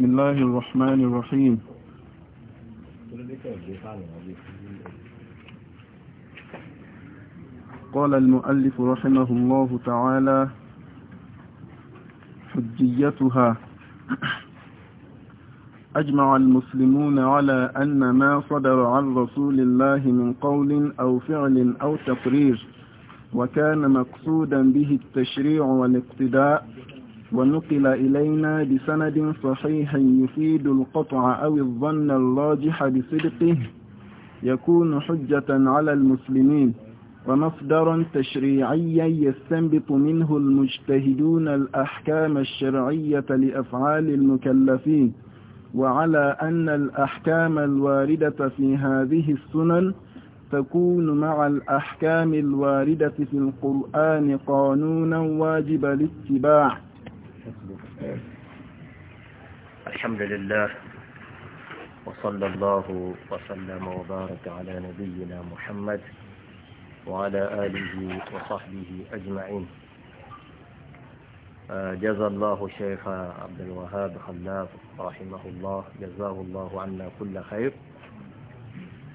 بسم الله الرحمن الرحيم قال المؤلف رحمه الله تعالى حجيتها أجمع المسلمون على أن ما صدر عن رسول الله من قول أو فعل أو تقرير وكان مقصودا به التشريع والاقتداء ونقل إلينا بسند صحيح يفيد القطع أو الظن الراجح بصدقه يكون حجة على المسلمين ومصدرا تشريعيا يستنبط منه المجتهدون الأحكام الشرعية لأفعال المكلفين وعلى أن الأحكام الواردة في هذه السنن تكون مع الأحكام الواردة في القرآن قانونا واجب الاتباع الحمد لله وصلى الله وسلم وبارك على نبينا محمد وعلى آله وصحبه أجمعين آه، جزى الله شيخ عبد الوهاب خلاف رحمه الله جزاه الله عنا كل خير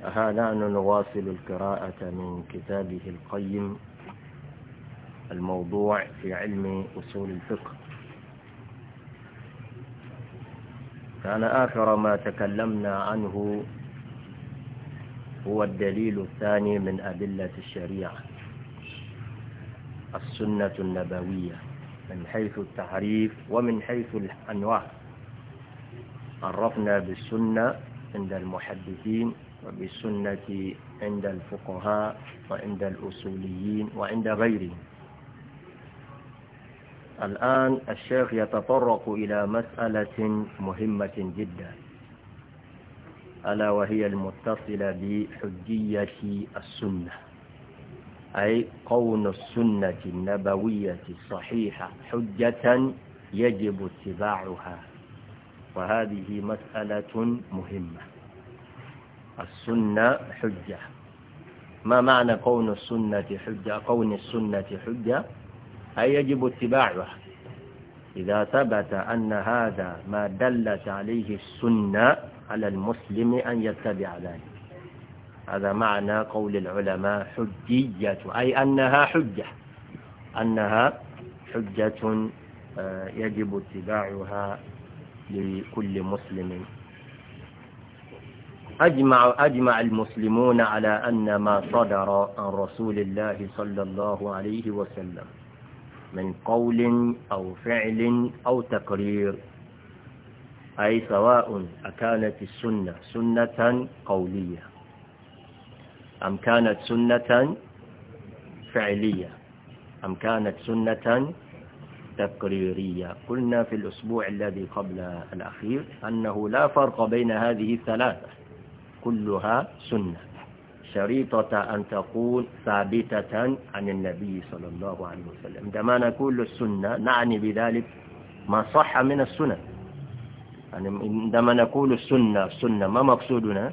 ها نحن نواصل القراءة من كتابه القيم الموضوع في علم أصول الفقه تعالى آخر ما تكلمنا عنه هو الدليل الثاني من أدلة الشريعة السنة النبوية من حيث التعريف ومن حيث الأنواع عرفنا بالسنة عند المحدثين وبالسنة عند الفقهاء وعند الأصوليين وعند غيرهم الآن الشيخ يتطرق إلى مسألة مهمة جدا ألا وهي المتصلة بحجية السنة أي قون السنة النبوية الصحيحة حجة يجب اتباعها وهذه مسألة مهمة السنة حجة ما معنى قون السنة حجة قون السنة حجة أي يجب اتباعها إذا ثبت أن هذا ما دلت عليه السنة على المسلم أن يتبع ذلك هذا معنى قول العلماء حجية أي أنها حجة أنها حجة آه، يجب اتباعها لكل مسلم أجمع, أجمع المسلمون على أن ما صدر عن رسول الله صلى الله عليه وسلم من قول أو فعل أو تقرير أي سواء أكانت السنة سنة قولية أم كانت سنة فعلية أم كانت سنة تقريرية قلنا في الأسبوع الذي قبل الأخير أنه لا فرق بين هذه الثلاثة كلها سنة شريطة أن تكون ثابتة عن النبي صلى الله عليه وسلم عندما نقول السنة نعني بذلك ما صح من السنة يعني عندما نقول السنة السنة ما مقصودنا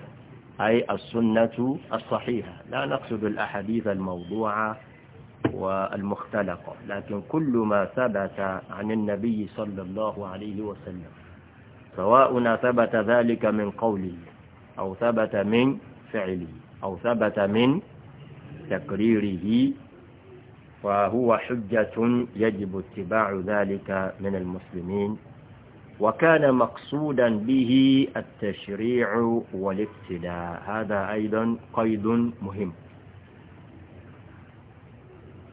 أي السنة الصحيحة لا نقصد الأحاديث الموضوعة والمختلقة لكن كل ما ثبت عن النبي صلى الله عليه وسلم سواء ثبت ذلك من قوله أو ثبت من فعله أو ثبت من تقريره فهو حجة يجب اتباع ذلك من المسلمين وكان مقصودا به التشريع والابتداء هذا أيضا قيد مهم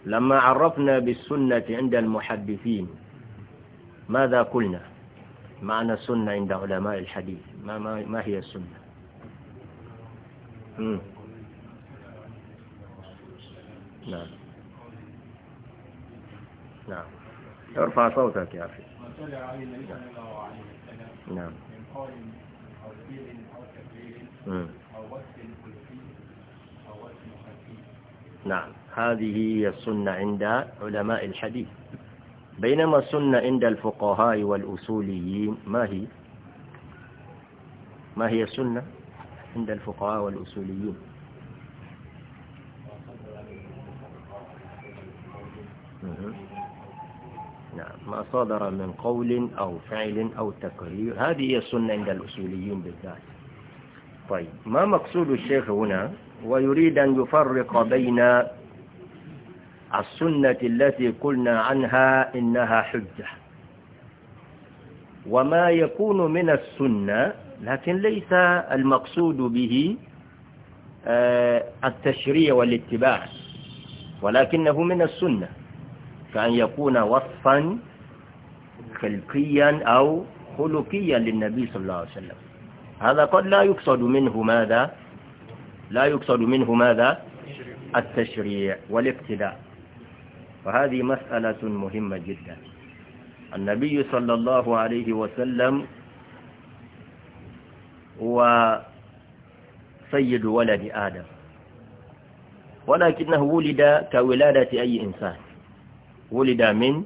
لما عرفنا بالسنة عند المحدثين ماذا قلنا معنى السنة عند علماء الحديث ما, ما, ما هي السنة مم. نعم نعم ارفع صوتك يا أخي نعم من أو أو أو أو خلفي نعم هذه هي السنة عند علماء الحديث بينما السنة عند الفقهاء والأصوليين ما هي ما هي السنة عند الفقهاء والأصوليين نعم ما صدر من قول أو فعل أو تكرير هذه هي السنة عند الأصوليين بالذات طيب ما مقصود الشيخ هنا ويريد أن يفرق بين السنة التي قلنا عنها إنها حجة وما يكون من السنة لكن ليس المقصود به آه، التشريع والاتباع ولكنه من السنة كأن يكون وصفا خلقيا أو خلقيا للنبي صلى الله عليه وسلم هذا قد لا يقصد منه ماذا لا يقصد منه ماذا التشريع والاقتداء فهذه مسألة مهمة جدا النبي صلى الله عليه وسلم هو سيد ولد آدم ولكنه ولد كولادة أي إنسان ولد من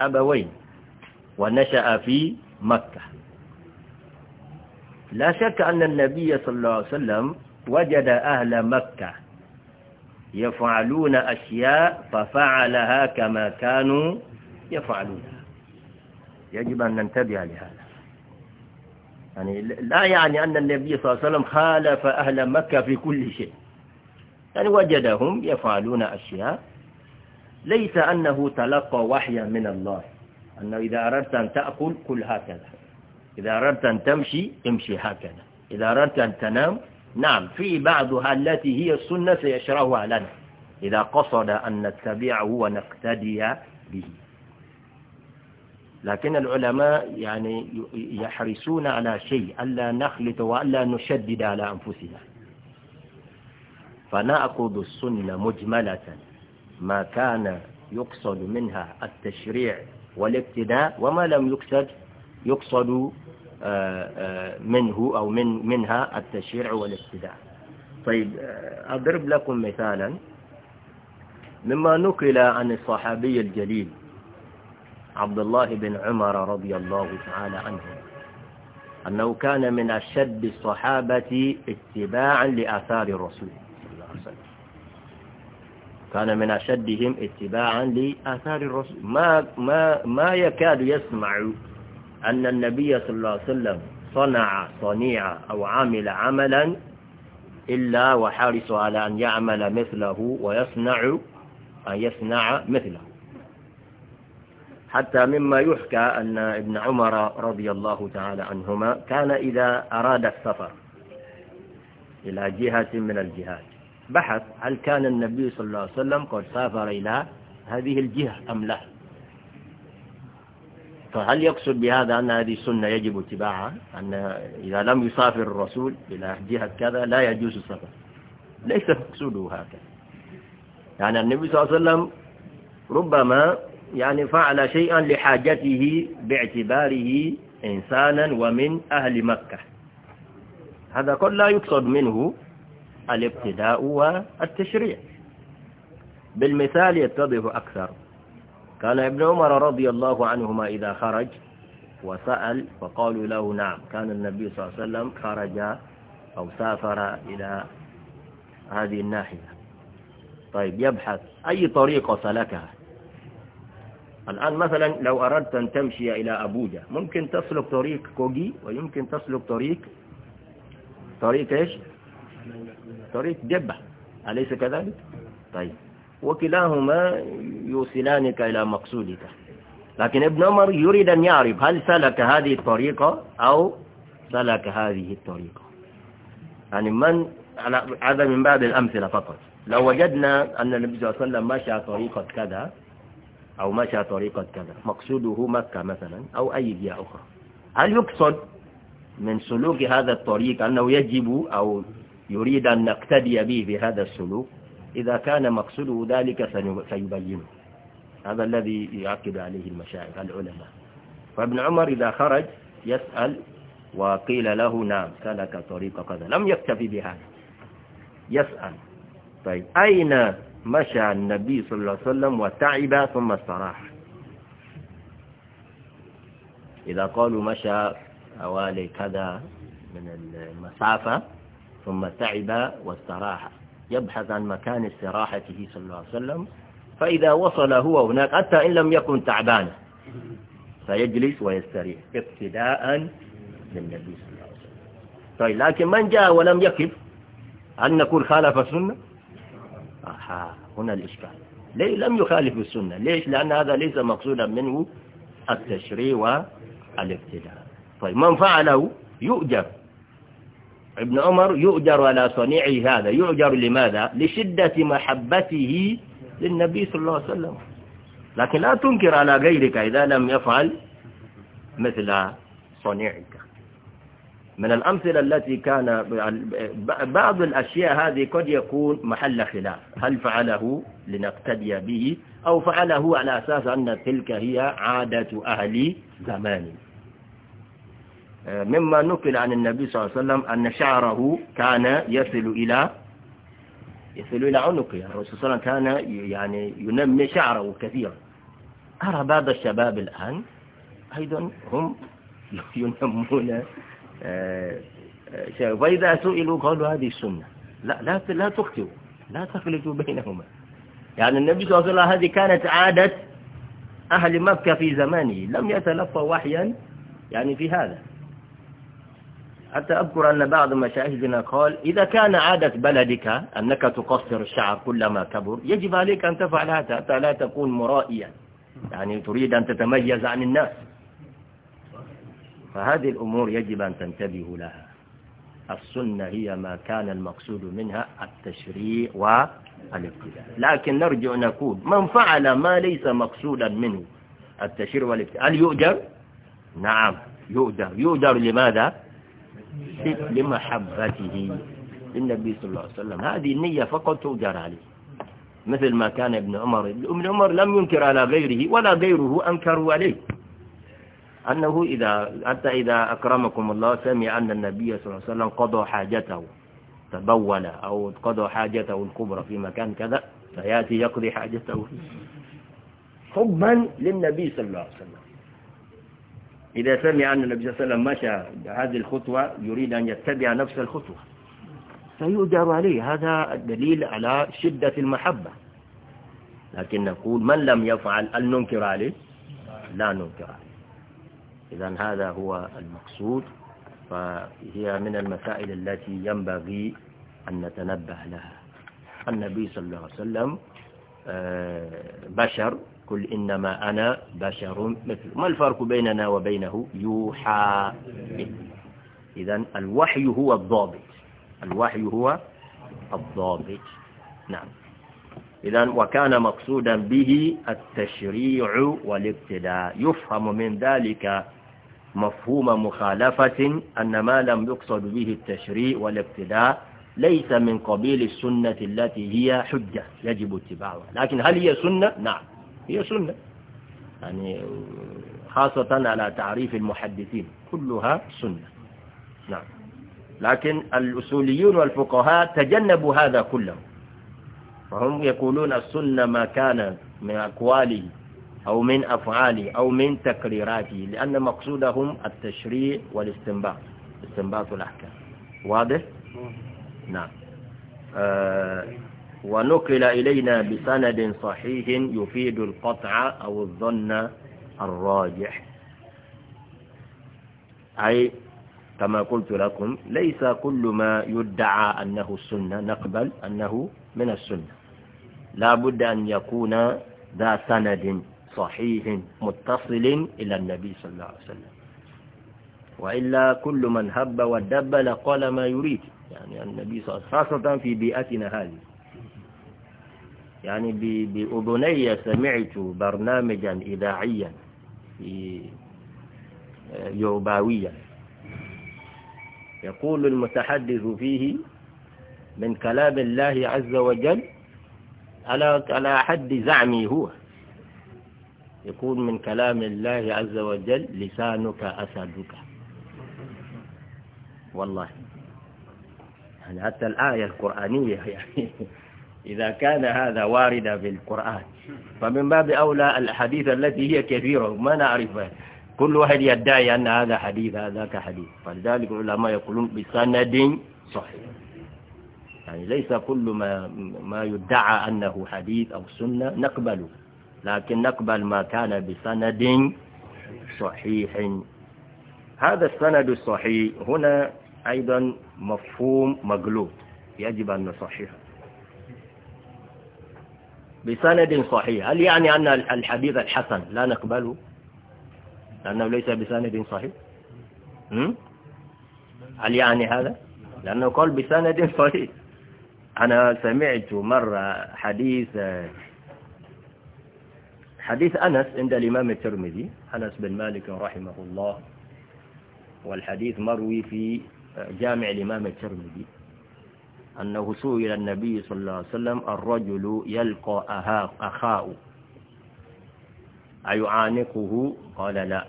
أبوين ونشأ في مكة لا شك أن النبي صلى الله عليه وسلم وجد أهل مكة يفعلون أشياء ففعلها كما كانوا يفعلونها يجب أن ننتبه لهذا يعني لا يعني أن النبي صلى الله عليه وسلم خالف أهل مكة في كل شيء يعني وجدهم يفعلون أشياء ليس أنه تلقى وحيا من الله أنه إذا أردت أن تأكل كل هكذا إذا أردت أن تمشي امشي هكذا إذا أردت أن تنام نعم في بعضها التي هي السنة سيشرعها لنا إذا قصد أن نتبعه ونقتدي به لكن العلماء يعني يحرصون على شيء ألا نخلط وألا نشدد على أنفسنا فنأخذ السنة مجملة ما كان يقصد منها التشريع والابتداء وما لم يقصد يقصد آه، آه، منه أو من منها التشريع والابتداء طيب آه، أضرب لكم مثالا مما نقل عن الصحابي الجليل عبد الله بن عمر رضي الله تعالى عنه أنه كان من أشد الصحابة اتباعا لآثار الرسول كان من أشدهم اتباعا لآثار الرسول ما, ما, ما يكاد يسمع أن النبي صلى الله عليه وسلم صنع صنيعة أو عمل عملا إلا وحارس على أن يعمل مثله ويصنع أن يصنع مثله حتى مما يحكى أن ابن عمر رضي الله تعالى عنهما كان إذا أراد السفر إلى جهة من الجهات بحث هل كان النبي صلى الله عليه وسلم قد سافر إلى هذه الجهة أم لا فهل يقصد بهذا أن هذه السنة يجب اتباعها أن إذا لم يسافر الرسول إلى جهة كذا لا يجوز السفر ليس مقصوده هكذا يعني النبي صلى الله عليه وسلم ربما يعني فعل شيئا لحاجته باعتباره إنسانا ومن أهل مكة هذا قد لا يقصد منه الابتداء والتشريع بالمثال يتضح أكثر كان ابن عمر رضي الله عنهما إذا خرج وسأل فقالوا له نعم كان النبي صلى الله عليه وسلم خرج أو سافر إلى هذه الناحية طيب يبحث أي طريقة سلكها الآن مثلا لو أردت أن تمشي إلى أبوجة ممكن تسلك طريق كوجي ويمكن تسلك طريق طريق إيش طريق جبة أليس كذلك طيب وكلاهما يوصلانك إلى مقصودك لكن ابن عمر يريد أن يعرف هل سلك هذه الطريقة أو سلك هذه الطريقة يعني من هذا من بعض الأمثلة فقط لو وجدنا أن النبي صلى الله عليه وسلم مشى طريقة كذا أو مشى طريقة كذا مقصوده مكة مثلا أو أي جهة أخرى هل يقصد من سلوك هذا الطريق أنه يجب أو يريد أن نقتدي به بهذا السلوك إذا كان مقصده ذلك سيبينه هذا الذي يعقد عليه المشايخ العلماء فابن عمر إذا خرج يسأل وقيل له نعم سلك طريق كذا لم يكتفي بهذا يسأل طيب أين مشى النبي صلى الله عليه وسلم وتعب ثم استراح إذا قالوا مشى حوالي كذا من المسافة ثم تعب واستراح يبحث عن مكان استراحته صلى الله عليه وسلم فإذا وصل هو هناك حتى إن لم يكن تعبانا فيجلس ويستريح اقتداء للنبي صلى الله عليه وسلم طيب لكن من جاء ولم يقف هل نقول خالف السنة أحا هنا الإشكال ليه لم يخالف السنة ليش لأن هذا ليس مقصودا منه التشريع والاقتداء طيب من فعله يؤجر ابن عمر يؤجر على صنيعه هذا يؤجر لماذا لشدة محبته للنبي صلى الله عليه وسلم لكن لا تنكر على غيرك إذا لم يفعل مثل صنيعك من الأمثلة التي كان بعض الأشياء هذه قد يكون محل خلاف هل فعله لنقتدي به أو فعله على أساس أن تلك هي عادة أهل زمانه مما نقل عن النبي صلى الله عليه وسلم أن شعره كان يصل إلى يصل إلى عنقه يعني الرسول صلى الله عليه وسلم كان يعني ينمي شعره كثيرا أرى بعض الشباب الآن أيضا هم ينمون شعره آه، آه، فإذا سئلوا قالوا هذه السنة لا لا لا تخطئوا لا تخلطوا بينهما يعني النبي صلى الله عليه وسلم هذه كانت عادة أهل مكة في زمانه لم يتلفوا وحيا يعني في هذا حتى أذكر أن بعض مشاهدنا قال إذا كان عادة بلدك أنك تقصر الشعر كلما كبر يجب عليك أن تفعل هذا حتى لا تكون مرائيا يعني تريد أن تتميز عن الناس فهذه الأمور يجب أن تنتبه لها السنة هي ما كان المقصود منها التشريع والابتداء لكن نرجع نقول من فعل ما ليس مقصودا منه التشريع والابتداء هل يؤجر؟ نعم يؤجر يؤجر لماذا؟ لمحبته للنبي صلى الله عليه وسلم هذه النية فقط توجر عليه مثل ما كان ابن عمر ابن عمر لم ينكر على غيره ولا غيره أنكروا عليه أنه إذا حتى إذا أكرمكم الله سمع أن النبي صلى الله عليه وسلم قضى حاجته تبول أو قضى حاجته الكبرى في مكان كذا فيأتي يقضي حاجته حبا للنبي صلى الله عليه وسلم إذا سمع أن النبي صلى الله عليه وسلم مشى بهذه الخطوة يريد أن يتبع نفس الخطوة فيؤجر عليه هذا الدليل على شدة المحبة لكن نقول من لم يفعل أن ننكر عليه لا ننكر عليه إذا هذا هو المقصود فهي من المسائل التي ينبغي أن نتنبه لها النبي صلى الله عليه وسلم آه، بشر قل إنما أنا بشر مثل ما الفرق بيننا وبينه يوحى إذا الوحي هو الضابط الوحي هو الضابط نعم إذا وكان مقصودا به التشريع والابتداء يفهم من ذلك مفهوم مخالفة أن ما لم يقصد به التشريع والابتداء ليس من قبيل السنة التي هي حجة يجب اتباعها لكن هل هي سنة؟ نعم هي سنة يعني خاصة على تعريف المحدثين كلها سنة نعم لكن الأصوليون والفقهاء تجنبوا هذا كله فهم يقولون السنة ما كان من أقواله أو من أفعاله أو من تكريراته لأن مقصودهم التشريع والاستنباط استنباط الأحكام واضح؟ نعم آه ونقل إلينا بسند صحيح يفيد القطع أو الظن الراجح أي كما قلت لكم ليس كل ما يدعى أنه السنة نقبل أنه من السنة لا بد أن يكون ذا سند صحيح متصل إلى النبي صلى الله عليه وسلم وإلا كل من هب ودب لقال ما يريد يعني النبي صلى الله عليه وسلم خاصة في بيئتنا هذه يعني بأذني سمعت برنامجا إذاعيا في آه، يوباويا يقول المتحدث فيه من كلام الله عز وجل على على حد زعمي هو يقول من كلام الله عز وجل لسانك أسدك والله يعني حتى الآية القرآنية يعني إذا كان هذا واردا في القرآن فمن باب أولى الحديث التي هي كثيرة ما نعرفها كل واحد يدعي أن هذا حديث هذاك حديث فلذلك العلماء يقولون بسند صحيح يعني ليس كل ما ما يدعى أنه حديث أو سنة نقبله لكن نقبل ما كان بسند صحيح هذا السند الصحيح هنا أيضا مفهوم مقلوب يجب أن نصححه بسند صحيح هل يعني أن الحديث الحسن لا نقبله لأنه ليس بسند صحيح هم؟ هل يعني هذا لأنه قال بسند صحيح أنا سمعت مرة حديث حديث أنس عند الإمام الترمذي أنس بن مالك رحمه الله والحديث مروي في جامع الإمام الترمذي أنه سئل النبي صلى الله عليه وسلم الرجل يلقى أخاه أيعانقه قال لا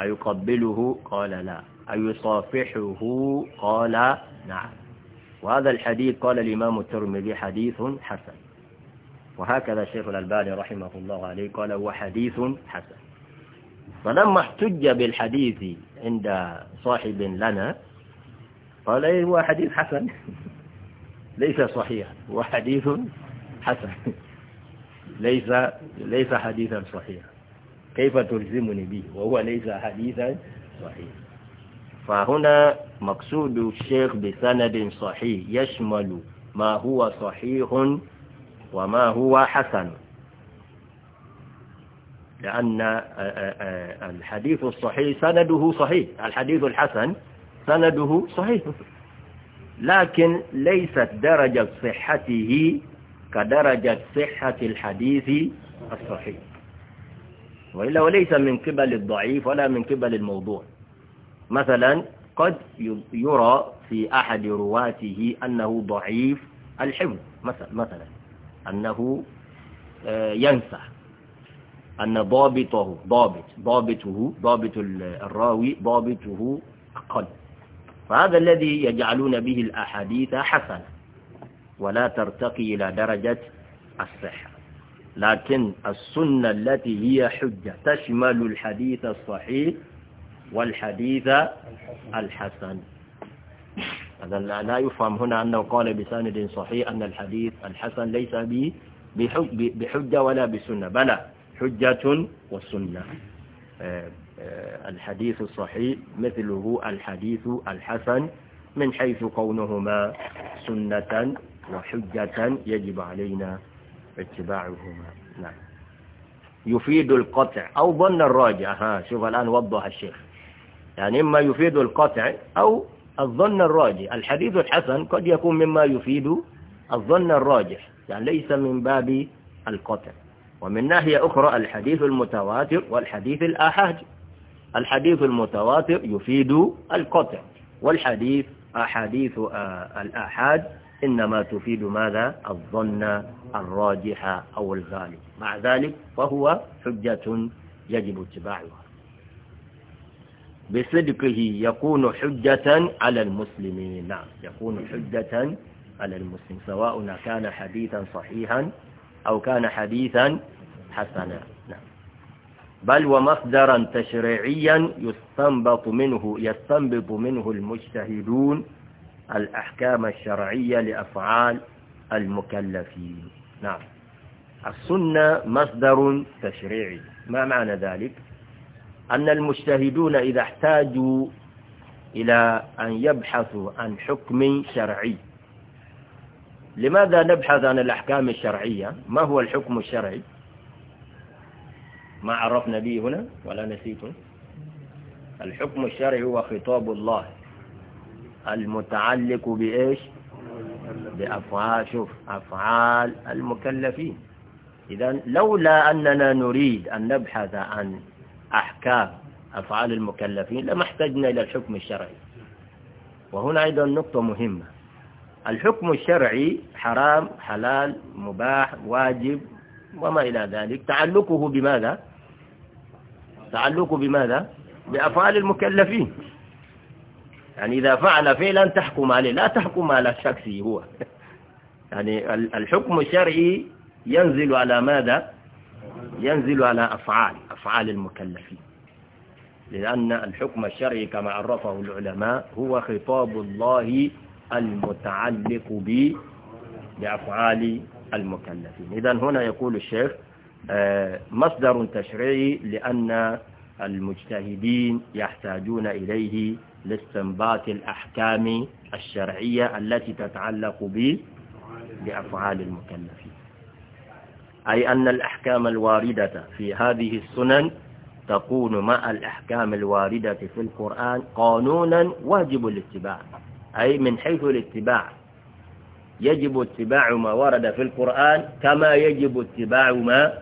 أيقبله قال لا أيصافحه قال نعم وهذا الحديث قال الإمام الترمذي حديث حسن وهكذا الشيخ الألباني رحمه الله عليه قال هو حديث حسن فلما احتج بالحديث عند صاحب لنا قال إيه هو حديث حسن ليس صحيح هو حديث حسن ليس ليس حديثا صحيحا كيف تلزمني به وهو ليس حديثا صحيحا فهنا مقصود الشيخ بسند صحيح يشمل ما هو صحيح وما هو حسن لأن الحديث الصحيح سنده صحيح الحديث الحسن سنده صحيح لكن ليست درجة صحته كدرجة صحة الحديث الصحيح وإلا وليس من قبل الضعيف ولا من قبل الموضوع مثلا قد يرى في أحد رواته أنه ضعيف الحفظ مثلا, مثلا أنه آه، ينسى أن ضابطه ضابط ضابطه ضابط الراوي ضابطه أقل فهذا الذي يجعلون به الأحاديث حسنة ولا ترتقي إلى درجة الصحة لكن السنة التي هي حجة تشمل الحديث الصحيح والحديث الحسن هذا لا يفهم هنا أنه قال بساند صحيح أن الحديث الحسن ليس بحجة ولا بسنة بلى حجة والسنة آه، آه، الحديث الصحيح مثله الحديث الحسن من حيث كونهما سنة وحجة يجب علينا اتباعهما نعم يفيد القطع أو ظن الراجع ها شوف الآن وضح الشيخ يعني إما يفيد القطع أو الظن الراجع الحديث الحسن قد يكون مما يفيد الظن الراجح يعني ليس من باب القطع ومن ناحية أخرى الحديث المتواتر والحديث الآحاج الحديث المتواتر يفيد القطع والحديث أحاديث آه، الآحاد إنما تفيد ماذا الظن الراجح أو الغالب مع ذلك فهو حجة يجب اتباعها بصدقه يكون حجة على المسلمين نعم يكون حجة على المسلم سواء كان حديثا صحيحا أو كان حديثا حسنا بل ومصدرا تشريعيا يستنبط منه يستنبط منه المجتهدون الأحكام الشرعية لأفعال المكلفين نعم السنة مصدر تشريعي ما معنى ذلك أن المجتهدون إذا احتاجوا إلى أن يبحثوا عن حكم شرعي لماذا نبحث عن الأحكام الشرعية ما هو الحكم الشرعي ما عرفنا به هنا ولا نسيته الحكم الشرعي هو خطاب الله المتعلق بإيش بأفعال شوف أفعال المكلفين إذا لولا أننا نريد أن نبحث عن أحكام أفعال المكلفين لما احتجنا إلى الحكم الشرعي وهنا أيضا نقطة مهمة الحكم الشرعي حرام حلال مباح واجب وما إلى ذلك تعلقه بماذا تعلق بماذا بأفعال المكلفين يعني إذا فعل فعلا تحكم عليه لا تحكم على الشخص هو يعني الحكم الشرعي ينزل على ماذا ينزل على أفعال أفعال المكلفين لأن الحكم الشرعي كما عرفه العلماء هو خطاب الله المتعلق ب بأفعال المكلفين إذا هنا يقول الشيخ آه، مصدر تشريعي لأن المجتهدين يحتاجون إليه لاستنباط الأحكام الشرعية التي تتعلق ب بأفعال المكلفين أي أن الأحكام الواردة في هذه السنن تكون مع الأحكام الواردة في القرآن قانونا واجب الاتباع أي من حيث الاتباع يجب اتباع ما ورد في القرآن كما يجب اتباع ما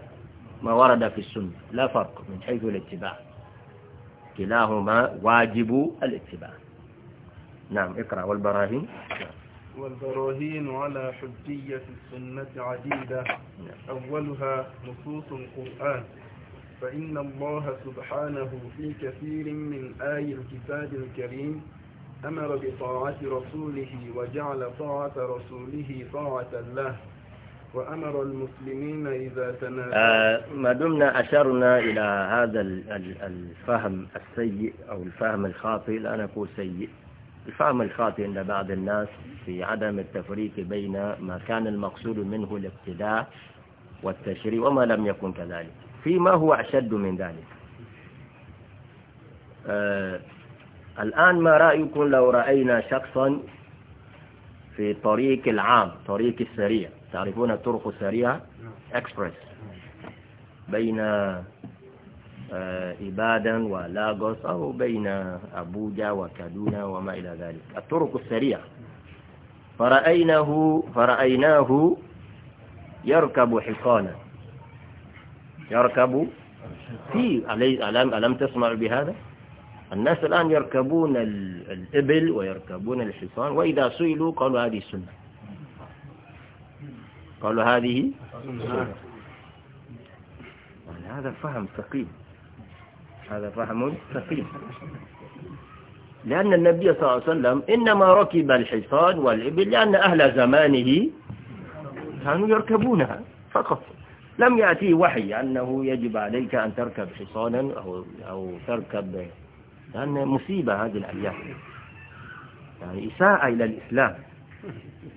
ما ورد في السنة لا فرق من حيث الاتباع كلاهما واجب الاتباع نعم اقرأ والبراهين والبراهين على حجية السنة عديدة نعم. أولها نصوص القرآن فإن الله سبحانه في كثير من آي الكتاب الكريم أمر بطاعة رسوله وجعل طاعة رسوله طاعة له وأمر المسلمين إذا تنازعوا آه ما دمنا أشرنا إلى هذا الفهم السيء أو الفهم الخاطئ لا نقول سيء الفهم الخاطئ عند بعض الناس في عدم التفريق بين ما كان المقصود منه الابتداء والتشريع وما لم يكن كذلك فيما هو أشد من ذلك آه الآن ما رأيكم لو رأينا شخصا في طريق العام طريق السريع تعرفون الطرق السريعة اكسبرس بين آه، إبادا ولاغوس أو بين أبوجا وكادونا وما إلى ذلك الطرق السريعة فرأيناه, فرأيناه يركب حصانا يركب في ألم, ألم تسمع بهذا الناس الآن يركبون الإبل ويركبون الحصان وإذا سئلوا قالوا هذه السنة قالوا هذه هذا فهم ثقيل هذا فهم ثقيل لأن النبي صلى الله عليه وسلم إنما ركب الحصان والإبل لأن أهل زمانه كانوا يركبونها فقط لم يأتي وحي أنه يجب عليك أن تركب حصانا أو, أو تركب لأن مصيبة هذه الأيام يعني إساءة إلى الإسلام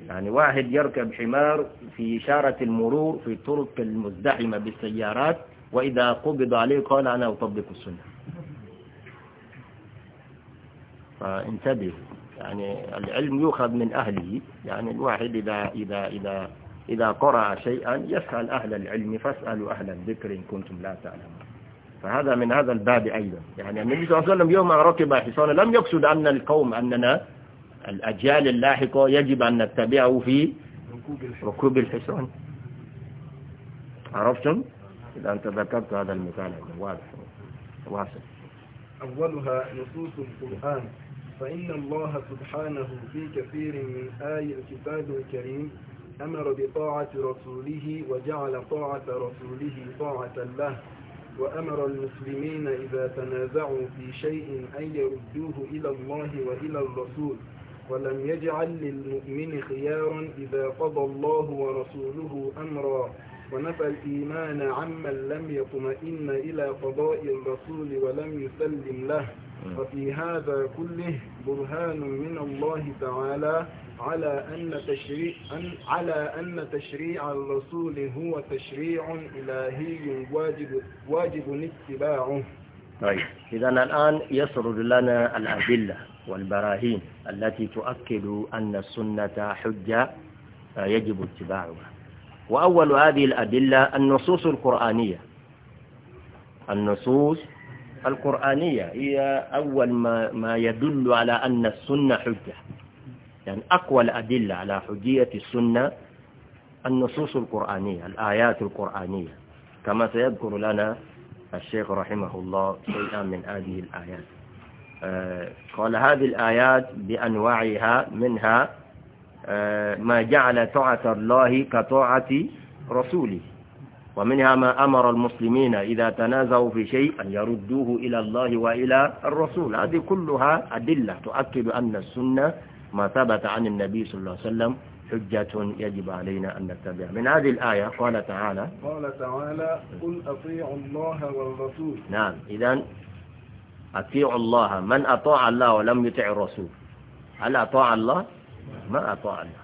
يعني واحد يركب حمار في إشارة المرور في الطرق المزدحمة بالسيارات وإذا قبض عليه قال أنا أطبق السنة فانتبه يعني العلم يؤخذ من أهله يعني الواحد إذا, إذا, إذا, إذا قرأ شيئا يسأل أهل العلم فاسألوا أهل الذكر إن كنتم لا تعلمون فهذا من هذا الباب أيضا يعني النبي صلى الله عليه وسلم يوم ركب حصانا لم يقصد أن القوم أننا الأجيال اللاحقة يجب أن نتبعه في ركوب الحصان عرفتم؟ إذا أنت ذكرت هذا المثال واضح واضح أولها نصوص القرآن فإن الله سبحانه في كثير من آي الكتاب الكريم أمر بطاعة رسوله وجعل طاعة رسوله طاعة له وأمر المسلمين إذا تنازعوا في شيء أن يردوه إلى الله وإلى الرسول ولم يجعل للمؤمن خيارا إذا قضى الله ورسوله أمرا ونفى الإيمان عمن لم يطمئن إلى قضاء الرسول ولم يسلم له وفي هذا كله برهان من الله تعالى على أن تشريع أن على أن تشريع الرسول هو تشريع إلهي واجب واجب اتباعه. طيب إذا الآن يسرد لنا الأدلة والبراهين التي تؤكد أن السنة حجة آه، يجب اتباعها وأول هذه الأدلة النصوص القرآنية النصوص القرآنية هي أول ما, ما يدل على أن السنة حجة يعني أقوى الأدلة على حجية السنة النصوص القرآنية الآيات القرآنية كما سيذكر لنا الشيخ رحمه الله شيئا من هذه الآيات آه، قال هذه الآيات بأنواعها منها آه، ما جعل طاعة الله كطاعة رسوله ومنها ما أمر المسلمين إذا تنازعوا في شيء أن يردوه إلى الله وإلى الرسول هذه كلها أدلة تؤكد أن السنة ما ثبت عن النبي صلى الله عليه وسلم حجة يجب علينا أن نتبع من هذه الآية قال تعالى قال تعالى قل أطيعوا الله والرسول نعم إذا أطيعوا الله من أطاع الله ولم يطع الرسول هل أطاع الله ما أطاع الله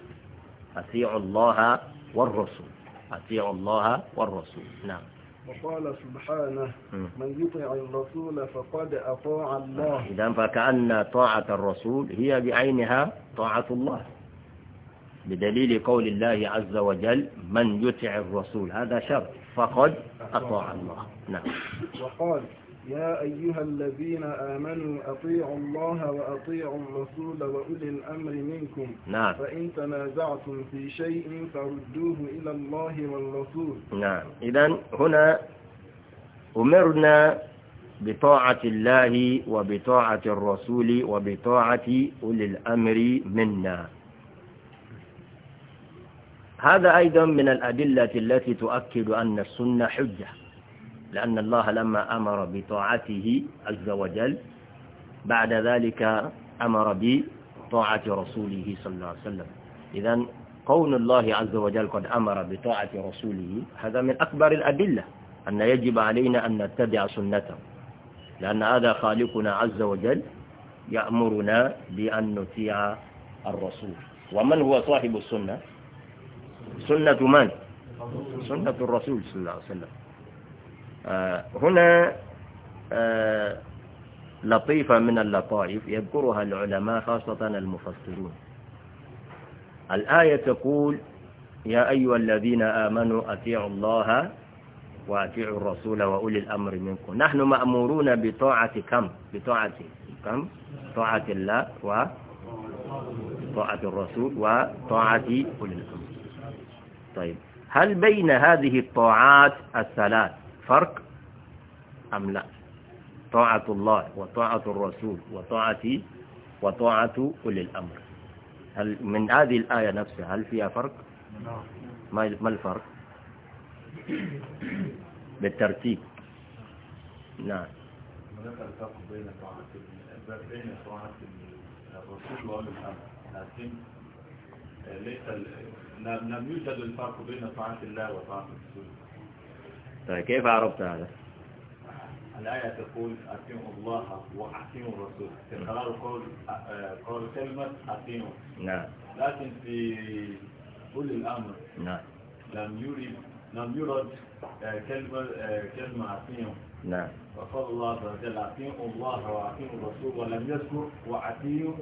أطيعوا الله والرسول أطيعوا الله والرسول نعم وقال سبحانه من يطع الرسول فقد أطاع الله إذا فكأن طاعة الرسول هي بعينها طاعة الله بدليل قول الله عز وجل من يطع الرسول هذا شرط فقد أطاع الله نعم وقال يا أيها الذين آمنوا أطيعوا الله وأطيعوا الرسول وأولي الأمر منكم نعم. فإن تنازعتم في شيء فردوه إلى الله والرسول نعم إذا هنا أمرنا بطاعة الله وبطاعة الرسول وبطاعة أولي الأمر منا هذا أيضا من الأدلة التي تؤكد أن السنة حجة لأن الله لما أمر بطاعته عز وجل بعد ذلك أمر بطاعة رسوله صلى الله عليه وسلم إذا قول الله عز وجل قد أمر بطاعة رسوله هذا من أكبر الأدلة أن يجب علينا أن نتبع سنته لأن هذا خالقنا عز وجل يأمرنا بأن نطيع الرسول ومن هو صاحب السنة سنة من سنة الرسول صلى الله عليه وسلم آه، هنا آه، لطيفة من اللطائف يذكرها العلماء خاصة المفسرون الآية تقول يا أيها الذين آمنوا أطيعوا الله وأطيعوا الرسول وأولي الأمر منكم نحن مأمورون بطاعة كم بطاعة كم طاعة الله و طاعة الرسول وطاعة أولي الأمر طيب هل بين هذه الطاعات الثلاث فرق أم لا طاعة الله وطاعة الرسول وطاعة وطاعة أولي الأمر هل من هذه الآية نفسها هل فيها فرق ما الفرق بالترتيب نعم لا الفرق بين طاعة بين طاعة الرسول وأولي الأمر لكن ليس لم يوجد الفرق بين طاعة الله وطاعة الرسول طيب كيف عرفت هذا الآية تقول أطيعوا الله وأطيعوا الرسول في خلال قول قول كلمة أطيعوا نعم لكن في كل الأمر نعم لم يرد لم نعم. يرد آه، كلمة آه، كلمة عتيم نعم وقال الله عز وجل عتيم الله وعتيم الرسول ولم يذكر وعتيم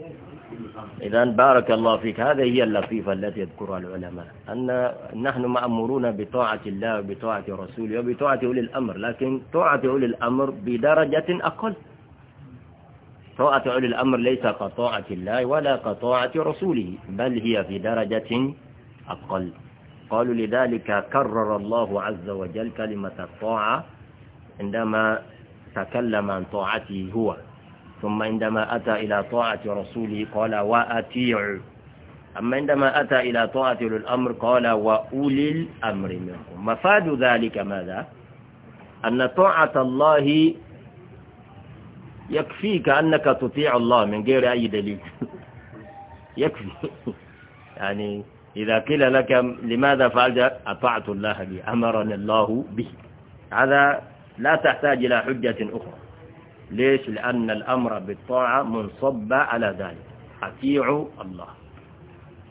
الأمر إذا بارك الله فيك هذه هي اللطيفة التي يذكرها العلماء أن نحن مأمورون بطاعة الله وبطاعة رسوله وبطاعة أولي الأمر لكن طاعة أولي الأمر بدرجة أقل طاعة أولي الأمر ليس كطاعة الله ولا كطاعة رسوله بل هي في درجة أقل قالوا لذلك كرر الله عز وجل كلمة الطاعة عندما تكلم عن طاعته هو ثم عندما أتى إلى طاعة رسوله قال وأتيع أما عندما أتى إلى طاعة الأمر قال وأولي الأمر منكم مفاد ذلك ماذا؟ أن طاعة الله يكفيك أنك تطيع الله من غير أي دليل يكفي يعني إذا قيل لك لماذا فعلت أطعت الله به أمرني الله به هذا لا تحتاج إلى حجة أخرى ليش لأن الأمر بالطاعة منصب على ذلك أطيع الله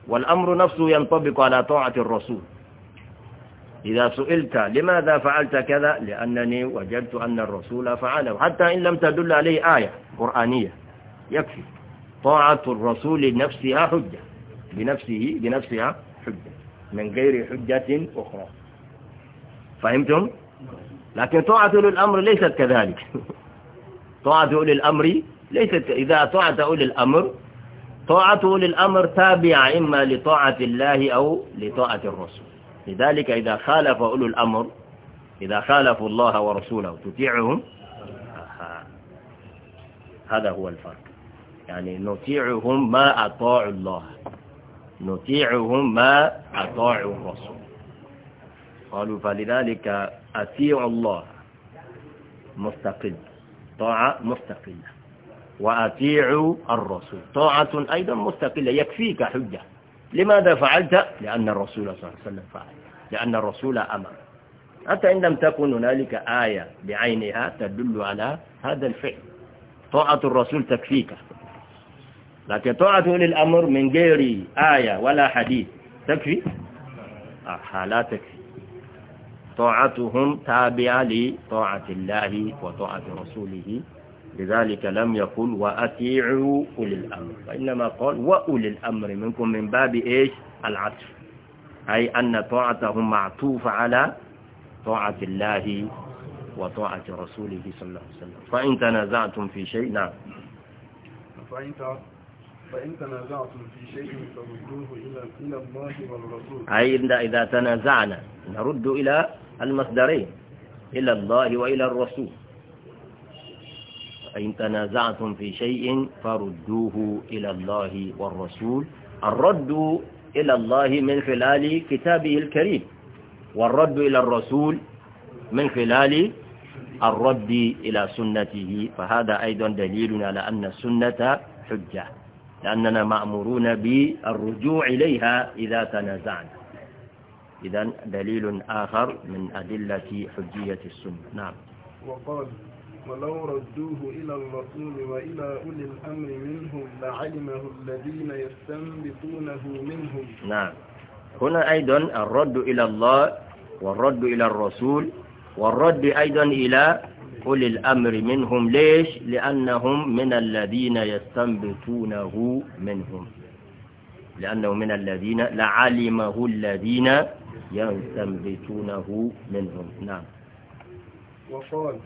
والأمر نفسه ينطبق على طاعة الرسول إذا سئلت لماذا فعلت كذا لأنني وجدت أن الرسول فعله حتى إن لم تدل عليه آية قرآنية يكفي طاعة الرسول نفسها حجة بنفسه بنفسها حجة من غير حجة أخرى فهمتم؟ لكن طاعة أولي الأمر ليست كذلك طاعة أولي الأمر ليست إذا طاعة أولي الأمر طاعة أولي الأمر تابعة إما لطاعة الله أو لطاعة الرسول لذلك إذا خالف أولي الأمر إذا خالفوا الله ورسوله تطيعهم آه، هذا هو الفرق يعني نطيعهم ما أطاعوا الله نطيعهم ما أطاعوا الرسول قالوا فلذلك أطيعوا الله مستقل طاعة مستقلة وأطيعوا الرسول طاعة أيضا مستقلة يكفيك حجة لماذا فعلت؟ لأن الرسول صلى الله عليه وسلم فعل لأن الرسول أمر حتى إن لم تكن هنالك آية بعينها تدل على هذا الفعل طاعة الرسول تكفيك لكن طاعة أولي الأمر من غير آية ولا حديث تكفي آه لا تكفي طاعتهم تابعة لطاعة الله وطاعة رسوله لذلك لم يقل وأطيعوا أولي الأمر وإنما قال وأولي الأمر منكم من باب إيش العطف أي أن طاعتهم معطوفة على طاعة الله وطاعة رسوله صلى الله عليه وسلم فإن تنازعتم في شيء نعم فإن فإن تنازعتم في شيء فردوه إلى إلى الله والرسول أي إذا تنازعنا نرد إلى المصدرين إلى الله وإلى الرسول فإن تنازعتم في شيء فردوه إلى الله والرسول الرد إلى الله من خلال كتابه الكريم والرد إلى الرسول من خلال الرد إلى سنته فهذا أيضا دليل على أن السنة حجة لأننا مأمورون بالرجوع إليها إذا تنازعنا إذا دليل آخر من أدلة حجية السنة نعم وقال ولو ردوه إلى الرسول وإلى أولي الأمر منهم لعلمه الذين يستنبطونه منهم نعم هنا أيضا الرد إلى الله والرد إلى الرسول والرد أيضا إلى أولي الأمر منهم ليش لأنهم من الذين يستنبتونه منهم لأنه من الذين لعلمه الذين يستنبتونه منهم نعم وقال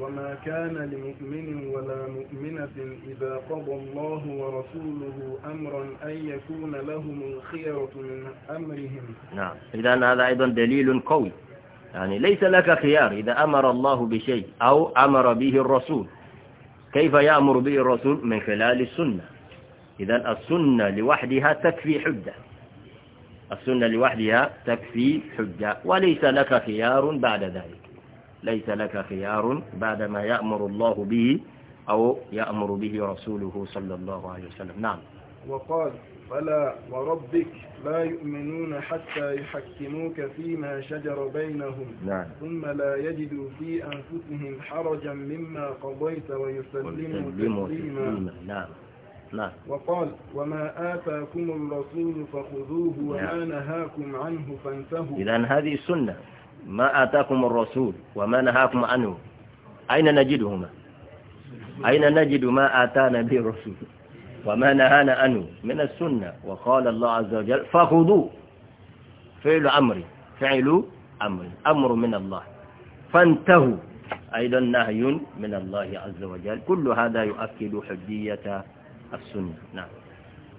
وما كان لمؤمن ولا مؤمنة إذا قضى الله ورسوله أمرا أن يكون لهم الخيرة من أمرهم نعم إذا هذا أيضا دليل قوي يعني ليس لك خيار إذا أمر الله بشيء أو أمر به الرسول كيف يأمر به الرسول من خلال السنة إذا السنة لوحدها تكفي حجة السنة لوحدها تكفي حجة وليس لك خيار بعد ذلك ليس لك خيار بعد ما يأمر الله به أو يأمر به رسوله صلى الله عليه وسلم نعم وقال فلا وربك لا يؤمنون حتى يحكموك فيما شجر بينهم نعم. ثم لا يجدوا في أنفسهم حرجا مما قضيت ويسلموا تسليما نعم نعم وقال وما آتاكم الرسول فخذوه وما نعم. نهاكم عنه فانتهوا إذا هذه السنة ما آتاكم الرسول وما نهاكم عنه أين نجدهما أين نجد ما آتانا به الرسول وما نهانا عنه من السنة وقال الله عز وجل فخذوا فعل أمري فعل أمري أمر من الله فانتهوا أيضا نهي من الله عز وجل كل هذا يؤكد حجية السنة نعم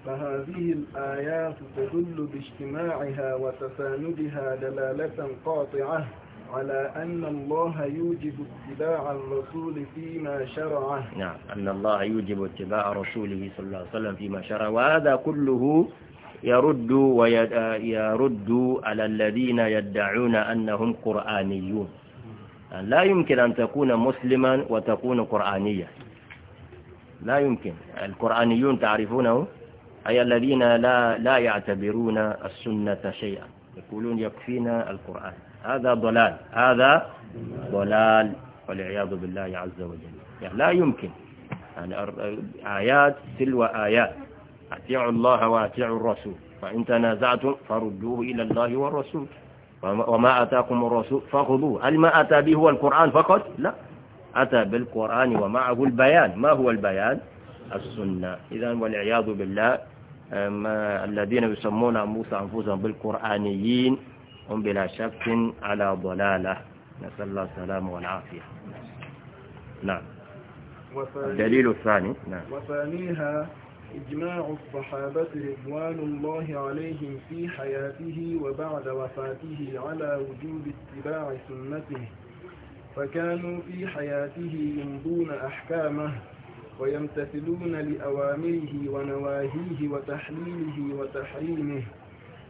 فهذه الآيات تدل باجتماعها وتساندها دلالة قاطعة على أن الله يوجب اتباع الرسول فيما شرعه نعم أن الله يوجب اتباع رسوله صلى الله عليه وسلم فيما شرعه وهذا كله يرد ويرد على الذين يدعون أنهم قرآنيون لا يمكن أن تكون مسلما وتكون قرآنيا لا يمكن القرآنيون تعرفونه أي الذين لا, لا يعتبرون السنة شيئا يقولون يكفينا القرآن هذا ضلال هذا ضلال والعياذ بالله عز وجل يعني لا يمكن يعني آيات تلو آيات أتيعوا الله وأتيعوا الرسول فإن تنازعتم فردوه إلى الله والرسول وما أتاكم الرسول فخذوه هل ما أتى به هو القرآن فقط لا أتى بالقرآن ومعه البيان ما هو البيان السنة إذا والعياذ بالله ما الذين يسمون أنفسهم بالقرآنيين هم بلا شك على ضلالة نسأل الله السلام والعافية نعم الدليل الثاني نعم وثانيها إجماع الصحابة رضوان الله عليهم في حياته وبعد وفاته على وجوب اتباع سنته فكانوا في حياته يمضون أحكامه ويمتثلون لأوامره ونواهيه وتحليله وتحريمه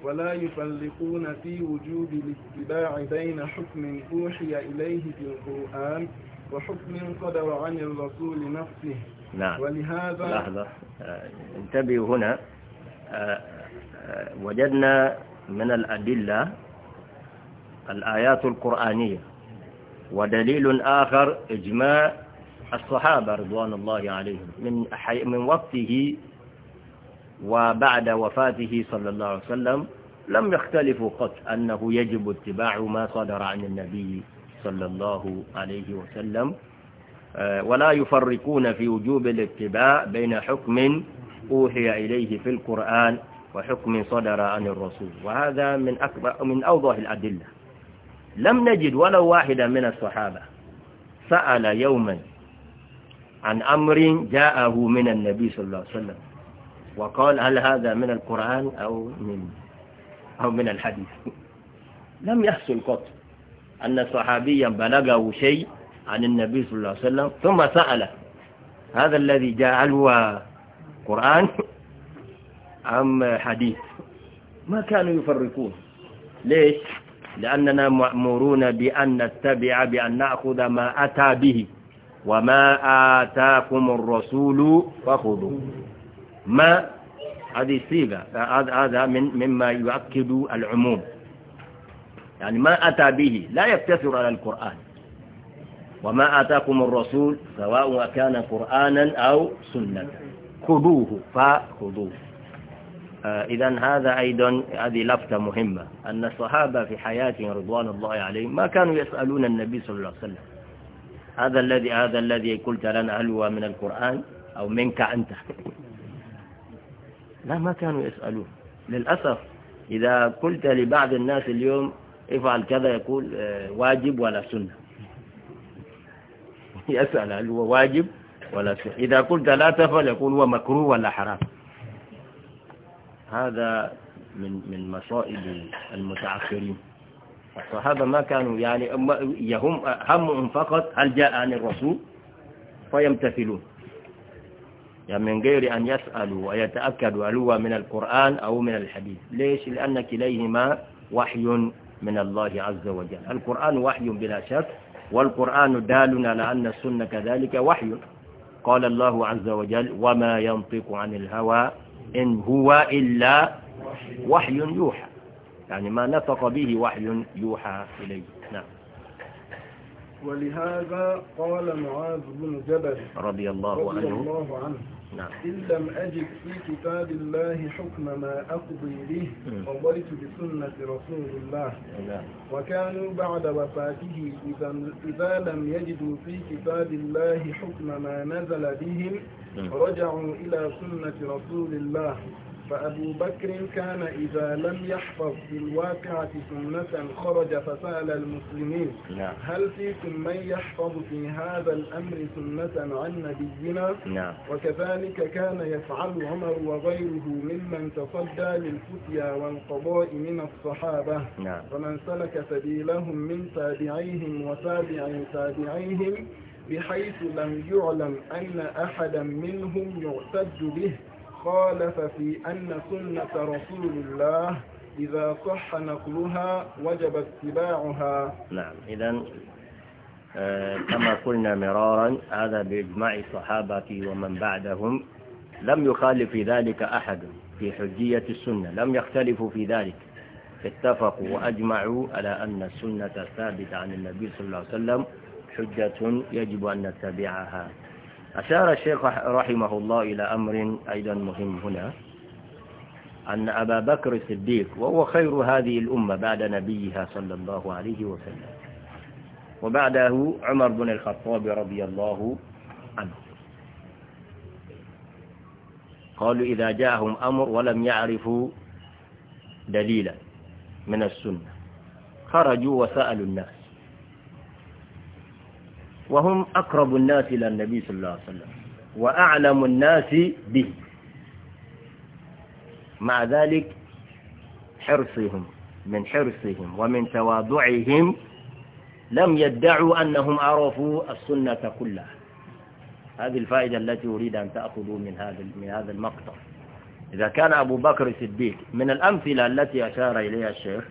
ولا يفلقون في وجوب الاتباع بين حكم أوحي إليه في القرآن وحكم قدر عن الرسول نفسه نعم ولهذا لحظة آه، انتبهوا هنا آه، آه، وجدنا من الأدلة الآيات القرآنية ودليل آخر إجماع الصحابة رضوان الله عليهم من من وقته وبعد وفاته صلى الله عليه وسلم لم يختلفوا قط أنه يجب اتباع ما صدر عن النبي صلى الله عليه وسلم آه، ولا يفرقون في وجوب الاتباع بين حكم أوحي إليه في القرآن وحكم صدر عن الرسول وهذا من أكبر من أوضح الأدلة لم نجد ولو واحدا من الصحابة سأل يوما عن أمر جاءه من النبي صلى الله عليه وسلم وقال هل هذا من القرآن أو من أو من الحديث لم يحصل قط أن صحابيا بلغه شيء عن النبي صلى الله عليه وسلم ثم سأله هذا الذي جعله قرآن أم حديث ما كانوا يفرقون ليش لأننا مأمورون بأن نتبع بأن نأخذ ما أتى به وما آتاكم الرسول فخذوه ما هذه صيغة هذا من مما يؤكد العموم يعني ما أتى به لا يقتصر على القرآن وما آتاكم الرسول سواء كان قرآنا أو سنة خذوه فخذوه آه إذا هذا أيضا هذه لفتة مهمة أن الصحابة في حياتهم رضوان الله عليهم ما كانوا يسألون النبي صلى الله عليه وسلم هذا الذي هذا الذي قلت لنا هل هو من القرآن أو منك أنت لا ما كانوا يسألون للأسف إذا قلت لبعض الناس اليوم افعل كذا يقول آه، واجب ولا سنة يسأل هل هو واجب ولا سنة إذا قلت لا تفعل يقول هو مكروه ولا حرام هذا من من مصائب المتأخرين الصحابة ما كانوا يعني يهم همهم فقط هل جاء عن الرسول فيمتثلون يعني من غير أن يسألوا ويتأكدوا هل هو من القرآن أو من الحديث ليش؟ لأن كليهما وحي من الله عز وجل القرآن وحي بلا شك والقرآن دال على أن السنة كذلك وحي قال الله عز وجل وما ينطق عن الهوى إن هو إلا وحي يوحى يعني ما نطق به وحي يوحى إليه نعم ولهذا قال معاذ بن جبل رضي الله عنه, رضي الله عنه نعم. إن لم أجد في كتاب الله حكم ما أقضي به قضيت بسنة رسول الله نعم. وكانوا بعد وفاته إذا لم يجدوا في كتاب الله حكم ما نزل بهم رجعوا إلى سنة رسول الله فأبو بكر كان إذا لم يحفظ في الواقعة سنة خرج فسأل المسلمين نعم. هل فيكم من يحفظ في هذا الأمر سنة عن نبينا نعم. وكذلك كان يفعل عمر وغيره ممن تصدى للفتيا والقضاء من الصحابة نعم. سلك سبيلهم من تابعيهم وتابع تابعيهم بحيث لم يعلم أن أحدا منهم يعتد به خالف في أن سنة رسول الله إذا صح نقلها وجب اتباعها نعم إذا آه، كما قلنا مرارا هذا بإجماع الصحابة ومن بعدهم لم يخالف في ذلك أحد في حجية السنة لم يختلفوا في ذلك اتفقوا وأجمعوا على أن السنة الثابتة عن النبي صلى الله عليه وسلم حجة يجب أن نتبعها أشار الشيخ رحمه الله إلى أمر أيضا مهم هنا أن أبا بكر الصديق وهو خير هذه الأمة بعد نبيها صلى الله عليه وسلم وبعده عمر بن الخطاب رضي الله عنه قالوا إذا جاءهم أمر ولم يعرفوا دليلا من السنة خرجوا وسألوا الناس وهم أقرب الناس إلى النبي صلى الله عليه وسلم وأعلم الناس به مع ذلك حرصهم من حرصهم ومن تواضعهم لم يدعوا أنهم عرفوا السنة كلها هذه الفائدة التي أريد أن تأخذوا من هذا من هذا المقطع إذا كان أبو بكر الصديق من الأمثلة التي أشار إليها الشيخ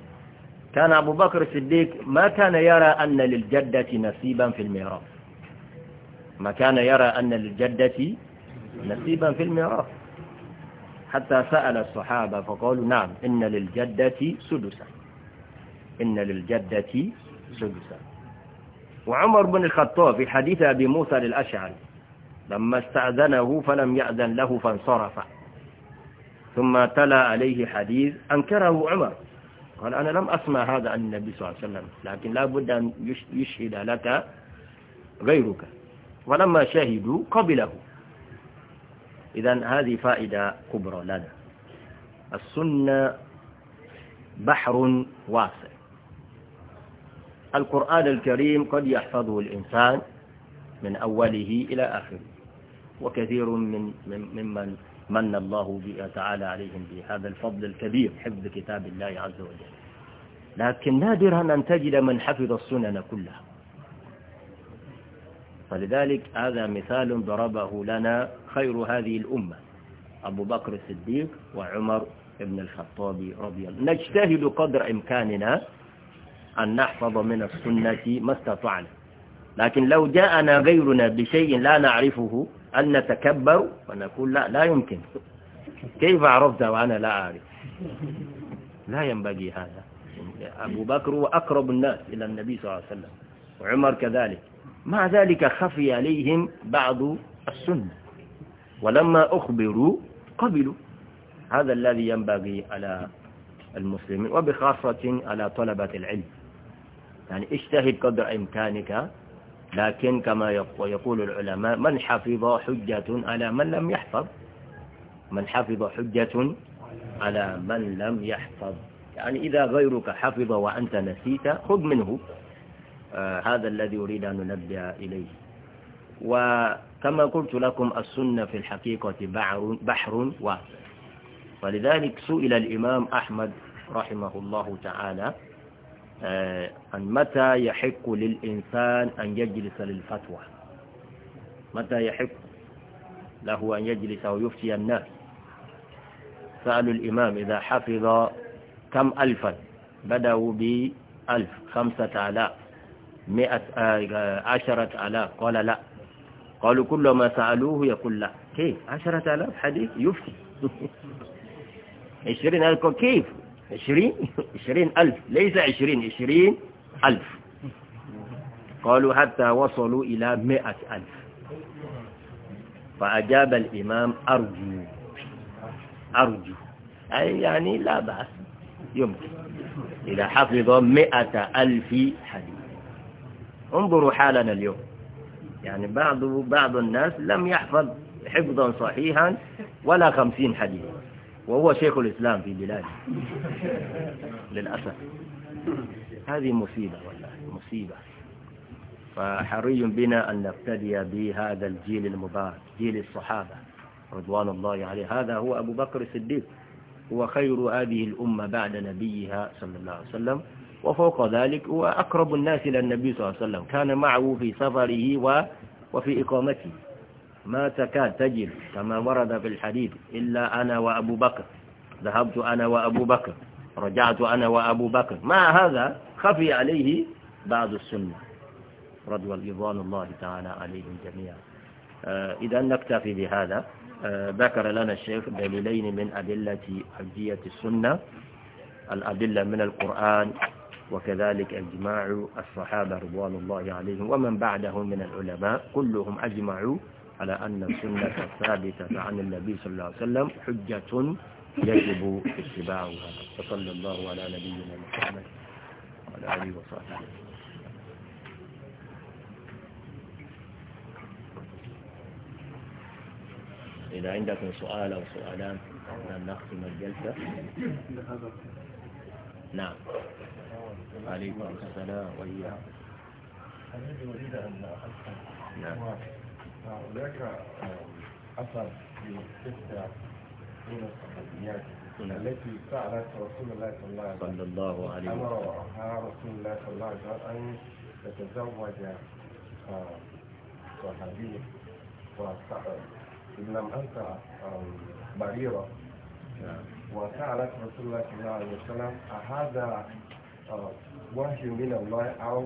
كان أبو بكر الصديق ما كان يرى أن للجدة نصيبا في الميراث ما كان يرى أن للجدة نصيبا في الميراث حتى سأل الصحابة فقالوا نعم إن للجدة سدسا إن للجدة سدسا وعمر بن الخطاب في حديث أبي موسى للأشعري لما استأذنه فلم يأذن له فانصرف ثم تلا عليه حديث أنكره عمر قال أنا لم أسمع هذا عن النبي صلى الله عليه وسلم لكن لا بد أن يشهد لك غيرك ولما شهدوا قبله إذا هذه فائدة كبرى لنا السنة بحر واسع القرآن الكريم قد يحفظه الإنسان من أوله إلى آخره وكثير من ممن من الله تعالى عليهم بهذا الفضل الكبير حفظ كتاب الله عز وجل لكن نادرا أن تجد من حفظ السنن كلها فلذلك هذا مثال ضربه لنا خير هذه الأمة أبو بكر الصديق وعمر بن الخطاب رضي الله نجتهد قدر إمكاننا أن نحفظ من السنة ما استطعنا لكن لو جاءنا غيرنا بشيء لا نعرفه أن نتكبر ونقول لا لا يمكن كيف عرفت وأنا لا أعرف لا ينبغي هذا أبو بكر هو أقرب الناس إلى النبي صلى الله عليه وسلم وعمر كذلك مع ذلك خفي عليهم بعض السنة ولما أخبروا قبلوا هذا الذي ينبغي على المسلمين وبخاصة على طلبة العلم يعني اجتهد قدر إمكانك لكن كما يقول العلماء من حفظ حجة على من لم يحفظ من حفظ حجة على من لم يحفظ يعني إذا غيرك حفظ وأنت نسيت خذ منه آه هذا الذي أريد أن ننبه إليه وكما قلت لكم السنة في الحقيقة بحر, بحر واسع ولذلك سئل الإمام أحمد رحمه الله تعالى آه، أن متى يحق للإنسان أن يجلس للفتوى متى يحق له أن يجلس ويفتي الناس سألوا الإمام إذا حفظ كم ألفا بدأوا بألف خمسة آلاف مئة آه، عشرة آلاف قال لا قالوا كل ما سألوه يقول لا كيف عشرة آلاف حديث يفتي عشرين ألف كيف عشرين عشرين ألف ليس عشرين عشرين ألف قالوا حتى وصلوا إلى مئة ألف فأجاب الإمام أرجو أرجو أي يعني لا بأس يمكن إذا حفظ مئة ألف حديث انظروا حالنا اليوم يعني بعض بعض الناس لم يحفظ حفظا صحيحا ولا خمسين حديث وهو شيخ الإسلام في بلاده للأسف هذه مصيبة والله مصيبة فحري بنا أن نقتدي بهذا الجيل المبارك جيل الصحابة رضوان الله عليه هذا هو أبو بكر الصديق هو خير هذه الأمة بعد نبيها صلى الله عليه وسلم وفوق ذلك هو أقرب الناس إلى النبي صلى الله عليه وسلم كان معه في سفره وفي إقامته ما تكاد تجد كما ورد في الحديث إلا أنا وأبو بكر ذهبت أنا وأبو بكر رجعت أنا وأبو بكر مع هذا خفي عليه بعض السنة رضو رضوان الله تعالى عليهم جميعا آه، إذا نكتفي بهذا آه، ذكر لنا الشيخ دليلين من أدلة حجية السنة الأدلة من القرآن وكذلك إجماع الصحابة رضوان الله عليهم ومن بعدهم من العلماء كلهم أجمعوا على أن السنة ثابتة عن النبي صلى الله عليه وسلم حجة يجب اتباعها وصلى الله على نبينا محمد وعلى آله وصحبه إذا عندكم سؤال أو سؤالان نعم، نختم الجلسة نعم عليكم السلام وإياكم نعم هناك أثر في تسع من الصحابيات التي سألت رسول الله صلى الله عليه وسلم أمرها رسول الله صلى الله عليه وسلم أن تتزوج صحابي إن لم أنت بريرة وسألت رسول الله صلى الله عليه وسلم أهذا وحي من الله أو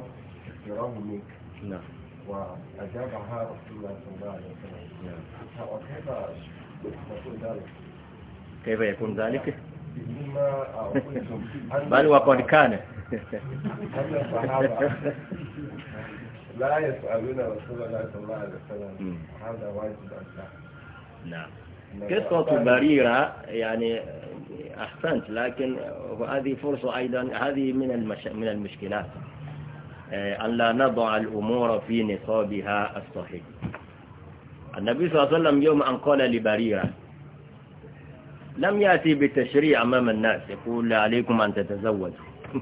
افتراه منك نعم وأجابها رسول الله صلى الله عليه وسلم وكيف يكون ذلك كيف يكون ذلك بل وقد كان لا يسألون رسول الله صلى الله عليه وسلم هذا واجب أن نعم قصة بريرة يعني أحسنت لكن هذه فرصة أيضا هذه من المش... من المشكلات آه، أن لا نضع الأمور في نصابها الصحيح النبي صلى الله عليه وسلم يوم أن قال لبريرة لم يأتي بالتشريع أمام الناس يقول عليكم أن تتزوجوا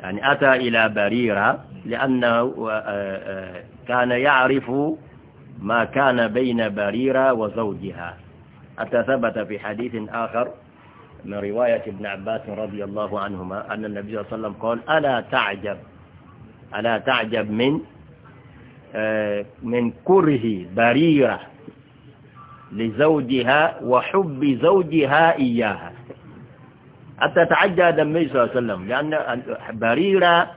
يعني أتى إلى بريرة لأنه آه، آه، كان يعرف ما كان بين بريرة وزوجها حتى ثبت في حديث آخر من رواية ابن عباس رضي الله عنهما أن النبي صلى الله عليه وسلم قال ألا تعجب ألا تعجب من آه، من كره بريرة لزوجها وحب زوجها إياها حتى تعجب النبي صلى الله عليه وسلم لأن بريرة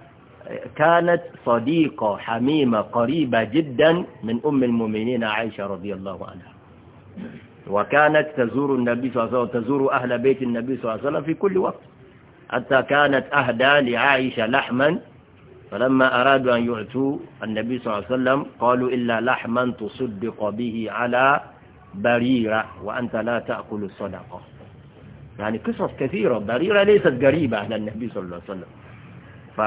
كانت صديقة حميمة قريبة جدا من أم المؤمنين عائشة رضي الله عنها وكانت تزور النبي صلى الله عليه وسلم تزور أهل بيت النبي صلى الله عليه وسلم في كل وقت حتى كانت أهدى لعائشة لحما فلما أرادوا أن يعتوا النبي صلى الله عليه وسلم قالوا إلا لحما تصدق به على بريرة وأنت لا تأكل الصدقة يعني قصص كثيرة بريرة ليست قريبة على النبي صلى الله عليه وسلم ف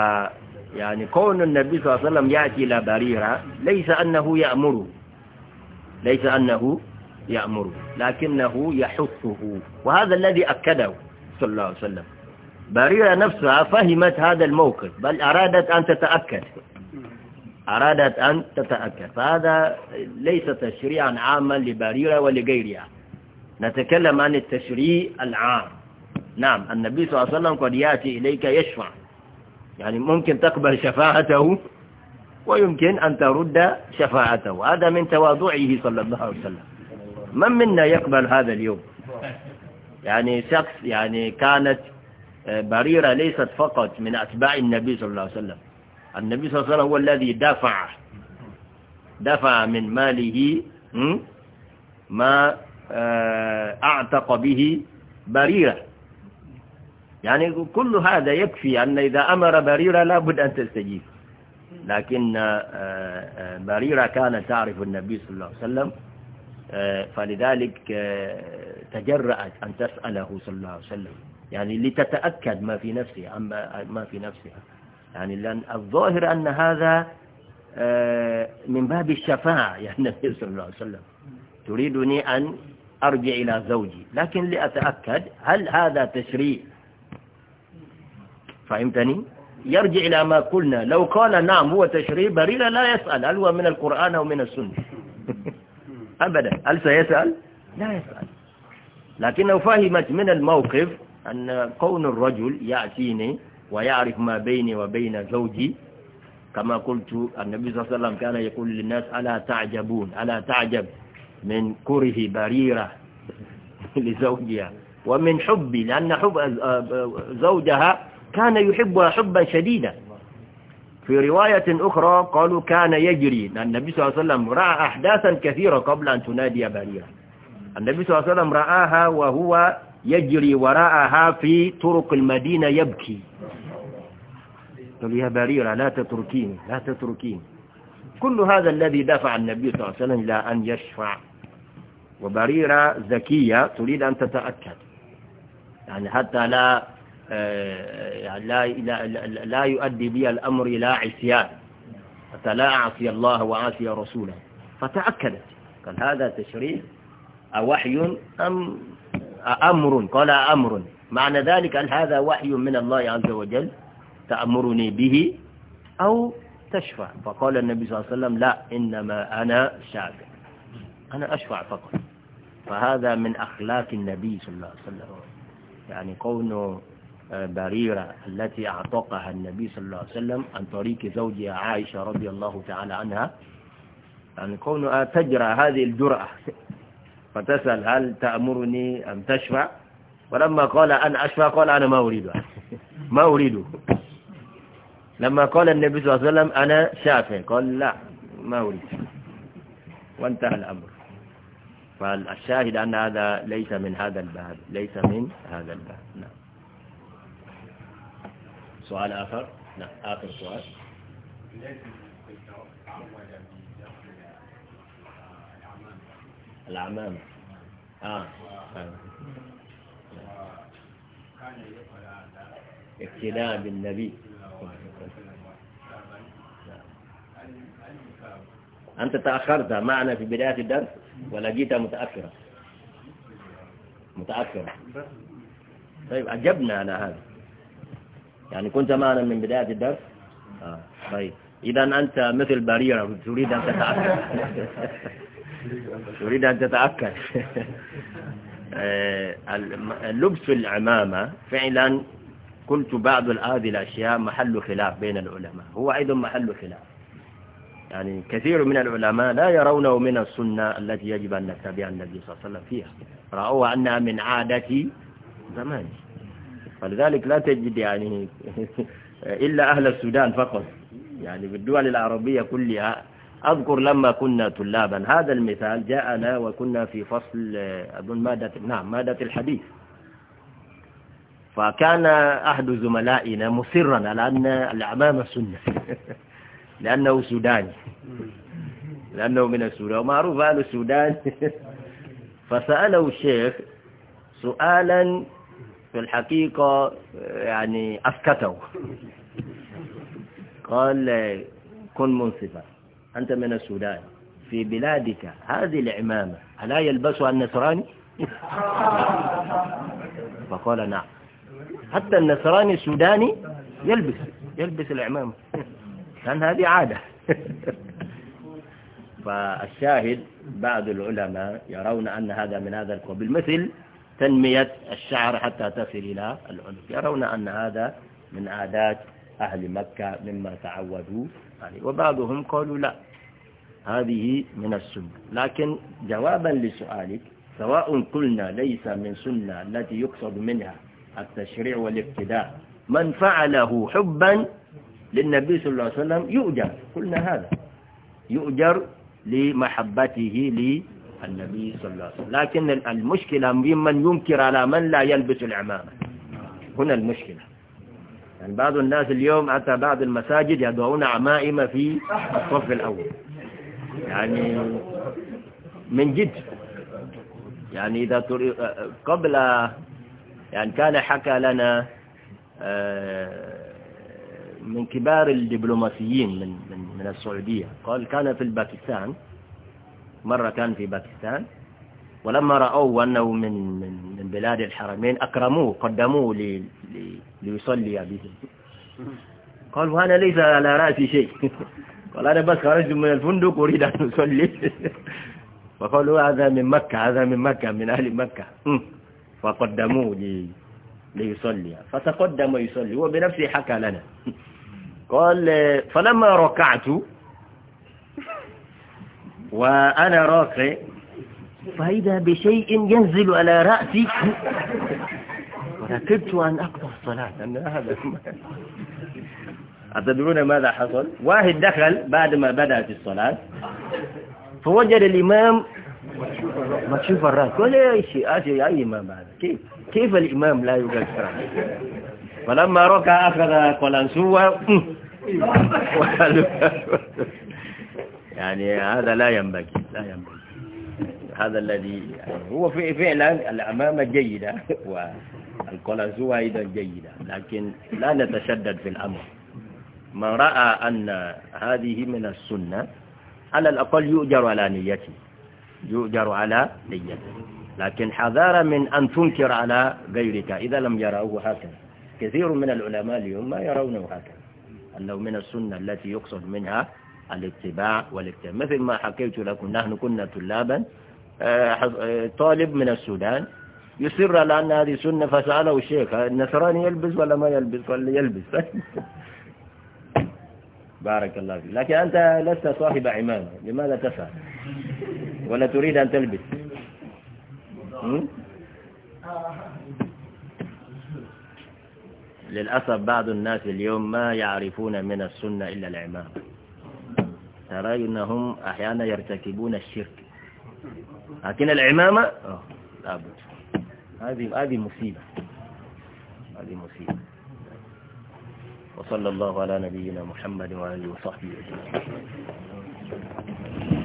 يعني كون النبي صلى الله عليه وسلم يأتي إلى بريرة ليس أنه يأمره ليس أنه يأمره لكنه يحثه وهذا الذي أكده صلى الله عليه وسلم بريرة نفسها فهمت هذا الموقف بل أرادت أن تتأكد أرادت أن تتأكد فهذا ليس تشريعا عاما لبريرة ولغيرها نتكلم عن التشريع العام نعم النبي صلى الله عليه وسلم قد يأتي إليك يشفع يعني ممكن تقبل شفاعته ويمكن أن ترد شفاعته هذا من تواضعه صلى الله عليه وسلم من منا يقبل هذا اليوم يعني شخص يعني كانت بريرة ليست فقط من أتباع النبي صلى الله عليه وسلم النبي صلى الله عليه وسلم هو الذي دفع دفع من ماله ما آه، أعتق به بريرة يعني كل هذا يكفي أن إذا أمر بريرة لابد أن تستجيب لكن آه، آه، بريرة كانت تعرف النبي صلى الله عليه وسلم فلذلك تجرأت أن تسأله صلى الله عليه وسلم يعني لتتأكد ما في نفسها أما ما في نفسها يعني لأن الظاهر أن هذا آه، من باب الشفاعة يعني النبي صلى الله عليه وسلم تريدني أن أرجع إلى زوجي لكن لأتأكد هل هذا تشريع فهمتني يرجع إلى ما قلنا لو قال نعم هو تشريع بريلا لا يسأل هل هو من القرآن أو من السنة أبدا هل سيسأل لا يسأل لكنه فهمت من الموقف أن كون الرجل يأتيني ويعرف ما بيني وبين زوجي كما قلت النبي صلى الله عليه وسلم كان يقول للناس ألا تعجبون ألا تعجب من كره بريرة لزوجها ومن حبي لأن حب آه، آه، زوجها كان يحبها حبا شديدا في رواية أخرى قالوا كان يجري النبي صلى الله عليه وسلم رأى أحداثا كثيرة قبل أن تنادي بريرة النبي صلى الله عليه وسلم رآها وهو يجري وراءها في طرق المدينة يبكي قال يا بريرة لا تتركيني لا تتركيني كل هذا الذي دفع النبي صلى الله عليه وسلم إلى أن يشفع وبريرة ذكية تريد أن تتأكد يعني حتى آه، يعني لا لا لا يؤدي بي الأمر إلى عصيان حتى لا أعصي الله وعصي رسوله فتأكدت قال هذا تشريع أوحي أم أمر قال أمر معنى ذلك هل هذا وحي من الله عز وجل تأمرني به أو تشفع فقال النبي صلى الله عليه وسلم لا إنما أنا شافع أنا أشفع فقط فهذا من أخلاق النبي صلى الله عليه وسلم يعني كونه آه، بريرة التي أعتقها النبي صلى الله عليه وسلم عن طريق زوجها عائشة رضي الله تعالى عنها يعني كونها آه، تجرى هذه الجرأة فتسأل هل تأمرني أم تشفع ولما قال أن أشفع قال أنا ما أريد ما أريد لما قال النبي صلى الله عليه وسلم أنا شافع قال لا ما أريد وانتهى الأمر فالشاهد أن هذا ليس من هذا الباب ليس من هذا الباب نعم سؤال آخر نعم آخر سؤال العمامة آه ابتلاء بالنبي أنت تأخرت معنا في بداية الدرس ولا جيت متأخرة متأخرة طيب أجبنا على هذا يعني كنت معنا من بداية الدرس آه. طيب إذا أنت مثل بريرة تريد أن تتأخر أريد أن تتأكد آه، لبس العمامة فعلا قلت بعض هذه الأشياء محل خلاف بين العلماء هو أيضا محل خلاف يعني كثير من العلماء لا يرونه من السنة التي يجب أن نتبع النبي صلى الله عليه وسلم فيها رأوها أنها من عادة زمان فلذلك لا تجد يعني إلا أهل السودان فقط يعني بالدول العربية كلها أذكر لما كنا طلابا هذا المثال جاءنا وكنا في فصل أظن مادة نعم مادة الحديث فكان أحد زملائنا مصرا على أن العمامة سنة لأنه سوداني لأنه من السودان ومعروف أهل السودان فسأله الشيخ سؤالا في الحقيقة يعني أسكته قال كن منصفا أنت من السودان في بلادك هذه العمامة ألا يلبسها النصراني فقال نعم حتى النصراني السوداني يلبس يلبس العمامة كان هذه عادة فالشاهد بعض العلماء يرون أن هذا من هذا القبيل مثل تنمية الشعر حتى تصل إلى العنف يرون أن هذا من عادات أهل مكة مما تعودوا يعني وبعضهم قالوا لا هذه من السنة لكن جوابا لسؤالك سواء قلنا ليس من سنة التي يقصد منها التشريع والابتداء من فعله حبا للنبي صلى الله عليه وسلم يؤجر قلنا هذا يؤجر لمحبته للنبي صلى الله عليه وسلم لكن المشكلة ممن ينكر على من لا يلبس العمامة هنا المشكلة يعني بعض الناس اليوم أتى بعض المساجد يدعون عمائم في الصف الأول يعني من جد يعني إذا قبل يعني كان حكى لنا آه، من كبار الدبلوماسيين من من من السعودية قال كان في الباكستان مرة كان في باكستان ولما رأوا أنه من, من, من بلاد الحرمين أكرموه قدموه لي لي ليصلي به قالوا أنا ليس على رأسي شيء قال أنا بس خرجت من الفندق أريد أن أصلي فقالوا هذا من مكة هذا من مكة من أهل مكة فقدموه لي ليصلي فتقدم يصلي هو بنفسه حكى لنا قال فلما ركعت وأنا راكع فإذا بشيء ينزل على رأسي ركبت أن أقضى الصلاة هذا أتدرون ماذا حصل واحد دخل بعد ما بدأت الصلاة فوجد الإمام مكشوف الرأس قال أي شيء أي إمام هذا كيف كيف الإمام لا يوجد رأس فلما ركع أخذ قلنسوة يعني هذا لا ينبغي لا ينبغي هذا الذي يعني هو فعلا الأمامة جيدة والكولازوة أيضا جيدة لكن لا نتشدد في الأمر من رأى أن هذه من السنة على الأقل يؤجر على نيته يؤجر على نيته لكن حذار من أن تنكر على غيرك إذا لم يروه هكذا كثير من العلماء اليوم ما يرونه هكذا أنه من السنة التي يقصد منها الاتباع والاكتماع مثل ما حكيت لكم نحن كنا طلابا طالب من السودان يصر على أن هذه سنة فسأله الشيخ النصراني يلبس ولا ما يلبس ولا يلبس بارك الله فيك لكن أنت لست صاحب عمامة لماذا تفعل ولا تريد أن تلبس للأسف بعض الناس اليوم ما يعرفون من السنة إلا العمامة ترى أنهم أحيانا يرتكبون الشرك لكن العمامة لا آه. لابد هذه هذه مصيبة هذه مصيبة وصلى الله على نبينا محمد وعلى اله وصحبه اجمعين